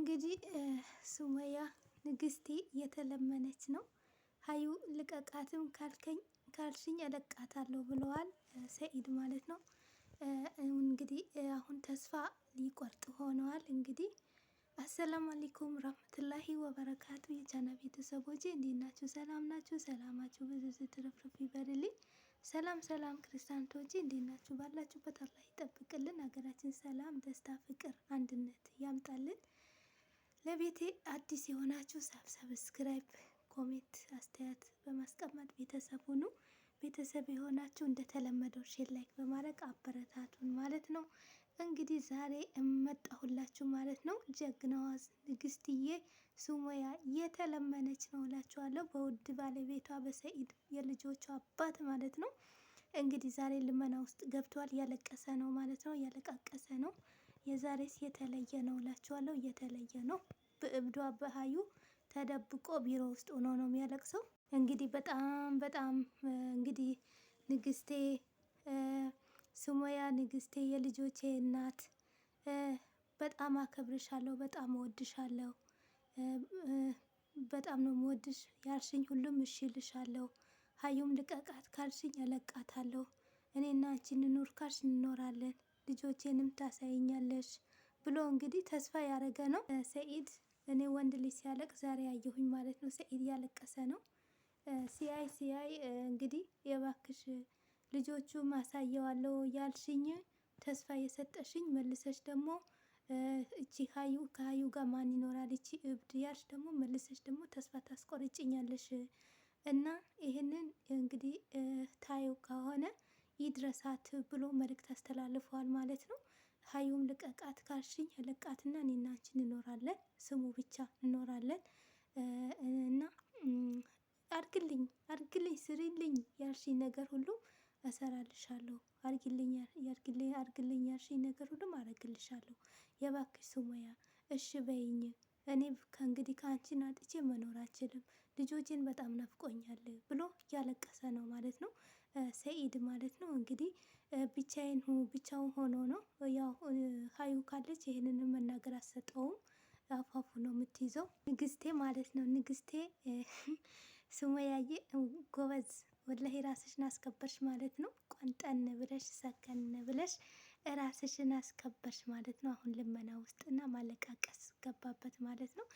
እንግዲህ ሱመያ ንግስቴ እየተለመነች ነው። ሀዩ ልቀቃትም ካልከኝ ካልሽኝ እለቃታለሁ ብለዋል ሰኢድ ማለት ነው። እንግዲህ አሁን ተስፋ ሊቆርጥ ሆነዋል። እንግዲህ አሰላሙ አለይኩም ረህመቱላሂ ወበረካቱ የቻና ቤተሰቦች እንዴት ናችሁ? ሰላም ናችሁ? ሰላማችሁ ብዙ ትርፍርፍ ይበልልኝ። ሰላም ሰላም ክርስቲያንቶቼ እንዴት ናችሁ? ባላችሁበት አላህ ይጠብቅልን። ሀገራችን ሰላም፣ ደስታ፣ ፍቅር፣ አንድነት ያምጣልን። ለቤቴ አዲስ የሆናችሁ ሰብስክራይብ፣ ኮሜንት፣ አስተያየት በማስቀመጥ ቤተሰብ ሁኑ። ቤተሰብ የሆናችሁ እንደተለመደው ሼር፣ ላይክ በማድረግ አበረታቱን ማለት ነው። እንግዲህ ዛሬ እመጣሁላችሁ ማለት ነው። ጀግናዋ ንግስትዬ ሱሙያ የተለመነች ነው እላችኋለሁ፣ በውድ ባለቤቷ በሰኢድ የልጆቹ አባት ማለት ነው። እንግዲህ ዛሬ ልመና ውስጥ ገብቷል። ያለቀሰ ነው ማለት ነው። ያለቃቀሰ ነው። የዛሬስ የተለየ ነው እላችኋለሁ። የተለየ ነው። በእብዷ በሀዩ ተደብቆ ቢሮ ውስጥ ሆኖ ነው የሚያለቅሰው። እንግዲህ በጣም በጣም እንግዲህ ንግስቴ ሱመያ ንግስቴ የልጆቼ እናት በጣም አከብርሻለሁ፣ በጣም እወድሻለሁ፣ በጣም ነው የምወድሽ። ያልሽኝ ሁሉም እሺ እልሻለሁ። ሀዩም ልቀቃት ካልሽኝ እለቃታለሁ። እኔና አንቺ እንኖር ካልሽ እንኖራለን። ልጆቼንም ታሳይኛለሽ ብሎ እንግዲህ ተስፋ ያደረገ ነው ሰኢድ። እኔ ወንድ ልጅ ሲያለቅ ዛሬ ያየሁኝ ማለት ነው። ሰኢድ ያለቀሰ ነው ሲያይ ሲያይ እንግዲህ የባክሽ ልጆቹ ማሳየዋለው ያልሽኝ ተስፋ የሰጠሽኝ መልሰሽ ደግሞ እቺ ሀዩ ከሀዩ ጋር ማን ይኖራል እቺ እብድ ያልሽ ደግሞ መልሰሽ ደግሞ ተስፋ ታስቆርጭኛለሽ እና ይህንን እንግዲህ ታዩ ከሆነ ይድረሳት ብሎ መልእክት አስተላልፈዋል ማለት ነው። ሀዩም ልቀቃት ካልሽኝ ልቃትና እኔና አንቺ እንኖራለን፣ ስሙ ብቻ እንኖራለን እና አርግልኝ አርግልኝ ስሪልኝ ያልሽኝ ነገር ሁሉ እሰራልሻለሁ፣ አርግልኝ ያልሽኝ ነገር ሁሉም አረግልሻለሁ፣ የባክሽ ሱሙያ እሺ በይኝ እኔ ከእንግዲህ ከአንቺን አጥቼ መኖር አልችልም፣ ልጆቼን በጣም ናፍቆኛል ብሎ እያለቀሰ ነው ማለት ነው። ሰኢድ ማለት ነው እንግዲህ ብቻዬን ብቻውን ሆኖ ነው ያው ሀዩ ካለች ይህንን መናገር አሰጠውም አፋፉ ነው የምትይዘው ንግስቴ ማለት ነው። ንግስቴ ስሙያዬ ጎበዝ ወላሂ ራስሽን አስከበርሽ ማለት ነው። ቆንጠን ብለሽ ሰከን ብለሽ ራስሽን አስከበርሽ ማለት ነው። አሁን ልመና ውስጥና ማለቃቀስ ገባበት ማለት ነው።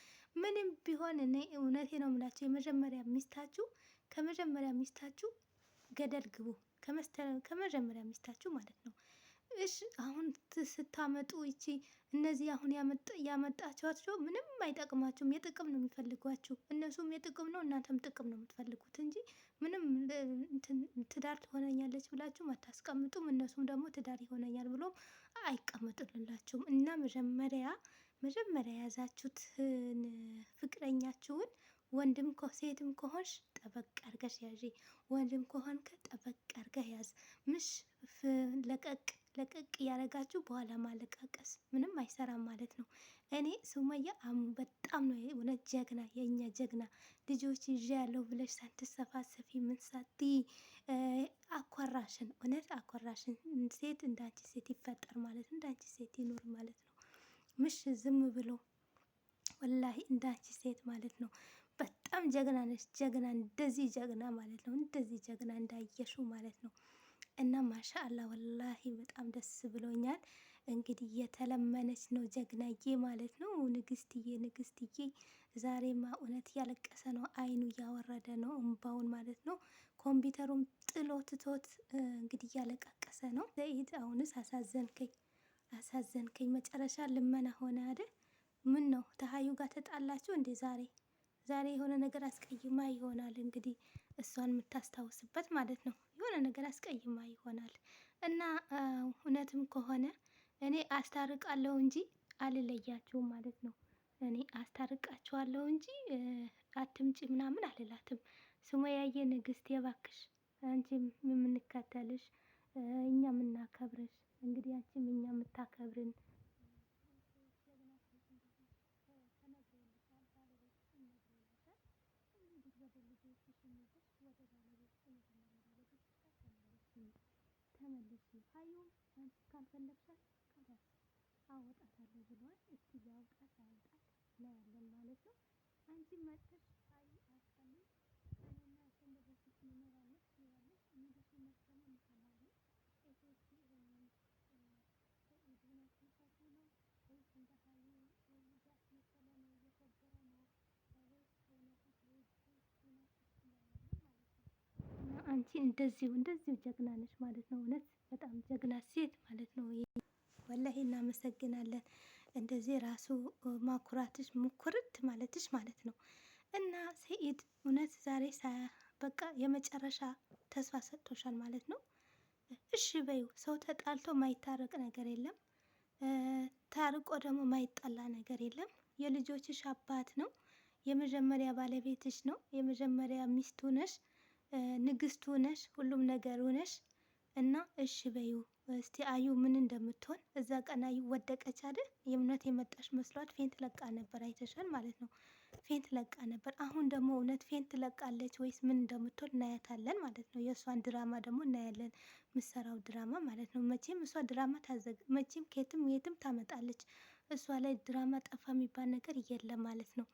ምንም ቢሆን እኔ እውነቴ ነው የምላችሁ የመጀመሪያ ሚስታችሁ ከመጀመሪያ ሚስታችሁ ገደል ግቡ። ከመጀመሪያ ሚስታችሁ ማለት ነው እሺ አሁን ስታመጡ ይቺ እነዚህ አሁን ያመጣችኋቸው ምንም አይጠቅማችሁም። የጥቅም ነው የሚፈልጓችሁ። እነሱም የጥቅም ነው፣ እናንተም ጥቅም ነው የምትፈልጉት እንጂ ምንም ትዳር ትሆነኛለች ብላችሁም አታስቀምጡም። እነሱም ደግሞ ትዳር ይሆነኛል ብሎ አይቀመጡልላችሁም። እና መጀመሪያ መጀመሪያ የያዛችሁትን ፍቅረኛችሁን ወንድም ኮ ሴትም ከሆንሽ ጠበቅ አርገሽ ያዥ። ወንድም ከሆንክ ጠበቅ አርገህ ያዝ። ምሽ ለቀቅ ለቀቅ እያረጋችሁ በኋላ ማለቃቀስ ምንም አይሰራም ማለት ነው። እኔ ሱመያ በጣም ነው የእውነት ጀግና፣ የእኛ ጀግና ልጆች ይዤ ያለው ብለሽ ሳትሰፋሰፊ ምን ሳቲ አኮራሽን፣ እውነት አኮራሽን። ሴት እንዳንቺ ሴት ይፈጠር ማለት ነው፣ እንዳንቺ ሴት ይኖር ማለት ነው። ምሽ ዝም ብሎ ወላሂ እንዳንቺ ሴት ማለት ነው። በጣም ጀግና ነች። ጀግና እንደዚህ ጀግና ማለት ነው። እንደዚህ ጀግና እንዳየሹ ማለት ነው። እና ማሻአላ ወላሂ በጣም ደስ ብሎኛል። እንግዲህ የተለመነች ነው ጀግናዬ ማለት ነው። ንግስትዬ ንግስትዬ ዛሬማ እውነት እያለቀሰ ነው። አይኑ እያወረደ ነው እምባውን ማለት ነው። ኮምፒውተሩም ጥሎ ትቶት እንግዲህ እያለቃቀሰ ነው። ዘይድ አሁንስ አሳዘንከኝ፣ አሳዘንከኝ። መጨረሻ ልመና ሆነ አይደል? ምን ነው ተሀዩ ጋር ተጣላችሁ እንዴ ዛሬ? ዛሬ የሆነ ነገር አስቀይማ ይሆናል እንግዲህ እሷን የምታስታውስበት ማለት ነው። የሆነ ነገር አስቀይማ ይሆናል እና እውነትም ከሆነ እኔ አስታርቃለሁ እንጂ አልለያችሁም ማለት ነው። እኔ አስታርቃችኋለሁ እንጂ አትምጭ ምናምን አልላትም። ሱመያዬ ንግስት የባክሽ አንቺ የምንከተልሽ እኛ የምናከብርሽ እንግዲህ አንቺም እኛ የምታከብርን ነገር ወደ ባለቤት የመጀመሪያ ባለቤት ተመልሽ ሀዩ አንቺ ካልፈለግሻት ቀዳት አወጣታለሁ ብለዋል። እስቲ ያውጣት አያውጣት እናያለን ማለት ነው። አንቺ መጥተሽ አንቺ እንደዚሁ እንደዚሁ ጀግና ነች ማለት ነው። እውነት በጣም ጀግና ሴት ማለት ነው። ወላሂ እናመሰግናለን። እንደዚህ ራሱ ማኩራትሽ ሙኩርት ማለትሽ ማለት ነው። እና ሰኢድ እውነት ዛሬ በቃ የመጨረሻ ተስፋ ሰጥቶሻል ማለት ነው። እሺ በይው። ሰው ተጣልቶ ማይታረቅ ነገር የለም። ታርቆ ደግሞ ማይጠላ ነገር የለም። የልጆችሽ አባት ነው። የመጀመሪያ ባለቤትሽ ነው። የመጀመሪያ ሚስቱ ነሽ። ንግስት ነሽ፣ ሁሉም ነገር ነሽ እና እሺ በዩ እስቲ አዩ ምን እንደምትሆን እዛ ቀን አዩ ወደቀች አይደል? የእውነት የመጣች መስሏት ፌንት ለቃ ነበር። አይተሻል ማለት ነው። ፌንት ለቃ ነበር። አሁን ደግሞ እውነት ፌንት ለቃለች ወይስ ምን እንደምትሆን እናያታለን ማለት ነው። የእሷን ድራማ ደግሞ እናያለን፣ ምሰራው ድራማ ማለት ነው። መቼም እሷ ድራማ ታዘግ መቼም ከየትም የትም ታመጣለች። እሷ ላይ ድራማ ጠፋ የሚባል ነገር የለም ማለት ነው።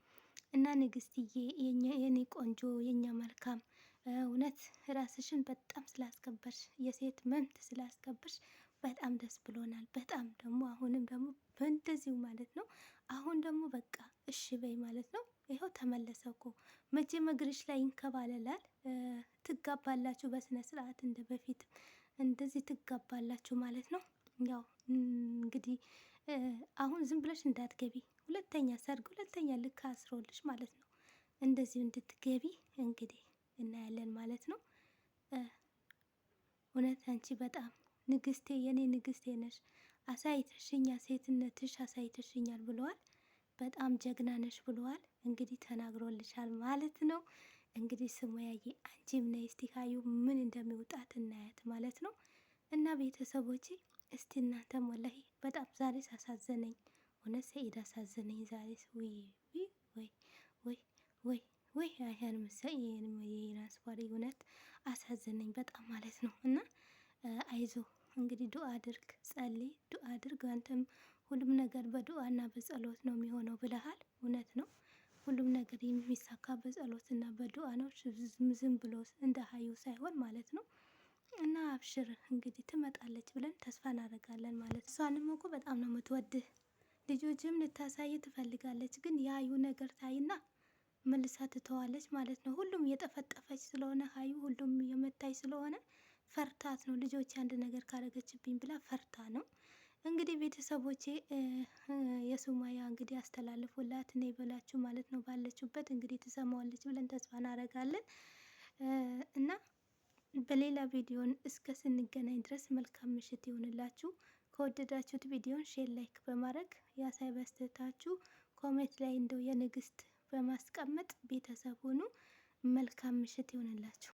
እና ንግስትዬ፣ የኔ ቆንጆ፣ የኛ መልካም እውነት ራስሽን በጣም ስላስከበርሽ የሴት መብት ስላስከበርሽ በጣም ደስ ብሎናል። በጣም ደግሞ አሁንም ደግሞ በእንደዚሁ ማለት ነው። አሁን ደግሞ በቃ እሺ በይ ማለት ነው። ይኸው ተመለሰ እኮ መቼም እግርሽ ላይ ይንከባለላል። ትጋባላችሁ በስነ ስርዓት እንደ በፊት እንደዚህ ትጋባላችሁ ማለት ነው። ያው እንግዲህ አሁን ዝም ብለሽ እንዳትገቢ ሁለተኛ ሰርግ ሁለተኛ ልክ አስሮልሽ ማለት ነው። እንደዚህ እንድትገቢ እንግዲህ እናያለን ማለት ነው። እውነት አንቺ በጣም ንግስቴ፣ የኔ ንግስቴ ነሽ፣ አሳይተሽኛል፣ ሴትነትሽ አሳይተሽኛል ብለዋል። በጣም ጀግና ነሽ ብለዋል። እንግዲህ ተናግሮልሻል ማለት ነው። እንግዲህ ስሙያዬ አንቺም ነይ እስቲ ካዩ ምን እንደሚወጣት እናያት ማለት ነው። እና ቤተሰቦቼ እስቲ እናንተም ወላሂ በጣም ዛሬ ሳሳዘነኝ እውነት ሰኢድ አሳዘነኝ ዛሬ ውይ ወይ ራያን መሳይ የራስ ባሪ እውነት አሳዘነኝ በጣም ማለት ነው። እና አይዞ እንግዲህ ዱአ አድርግ፣ ጸልይ፣ ዱአ አድርግ። አንተም ሁሉም ነገር በዱአ እና በጸሎት ነው የሚሆነው ብለሃል። እውነት ነው። ሁሉም ነገር የሚሳካ በጸሎት እና በዱአ ነው። ዝም ብሎ እንደ ሀዩ ሳይሆን ማለት ነው። እና አብሽር እንግዲህ ትመጣለች ብለን ተስፋ እናደርጋለን ማለት ነው። እሷንም እኮ በጣም ነው የምትወድህ። ልጆችም ልታሳይ ትፈልጋለች፣ ግን ያዩ ነገር ታይና መልሳ ትተዋለች ማለት ነው። ሁሉም እየጠፈጠፈች ስለሆነ ሀዩ ሁሉም እየመታች ስለሆነ ፈርታት ነው። ልጆች አንድ ነገር ካረገችብኝ ብላ ፈርታ ነው። እንግዲህ ቤተሰቦቼ የሱማያ እንግዲህ አስተላልፎላት እኔ በላችሁ ማለት ነው። ባለችበት እንግዲህ ትሰማዋለች ብለን ተስፋ እናደርጋለን እና በሌላ ቪዲዮን እስከ ስንገናኝ ድረስ መልካም ምሽት ይሁንላችሁ። ከወደዳችሁት ቪዲዮን ሼር፣ ላይክ በማድረግ የአሳይ በስተታችሁ ኮሜንት ላይ እንደው የንግስት በማስቀመጥ ቤተሰብ ሁኑ። መልካም ምሽት ይሆንላችሁ።